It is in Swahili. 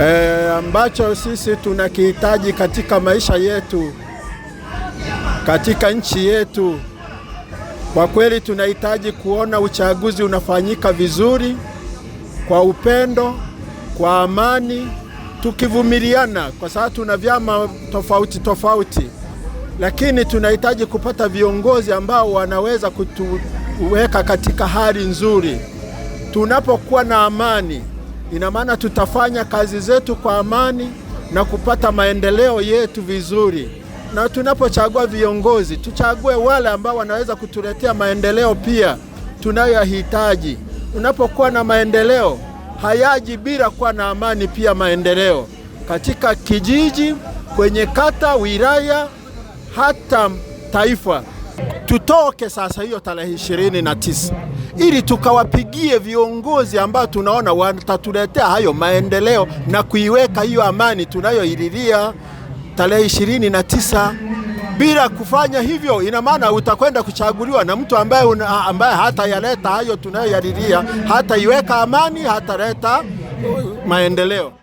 e, ambacho sisi tunakihitaji katika maisha yetu, katika nchi yetu. Kwa kweli tunahitaji kuona uchaguzi unafanyika vizuri, kwa upendo, kwa amani, tukivumiliana, kwa sababu tuna vyama tofauti tofauti, lakini tunahitaji kupata viongozi ambao wanaweza kutuweka katika hali nzuri. Tunapokuwa na amani Ina maana tutafanya kazi zetu kwa amani na kupata maendeleo yetu vizuri. Na tunapochagua viongozi, tuchague wale ambao wanaweza kutuletea maendeleo pia tunayoyahitaji. Unapokuwa na maendeleo, hayaji bila kuwa na amani pia maendeleo katika kijiji, kwenye kata, wilaya, hata taifa tutoke sasa hiyo tarehe ishirini na tisa ili tukawapigie viongozi ambao tunaona watatuletea hayo maendeleo na kuiweka hiyo amani tunayoililia tarehe ishirini na tisa. Bila kufanya hivyo, ina maana utakwenda kuchaguliwa na mtu ambaye, ambaye hatayaleta hayo tunayoyalilia, hataiweka amani, hataleta uh, maendeleo.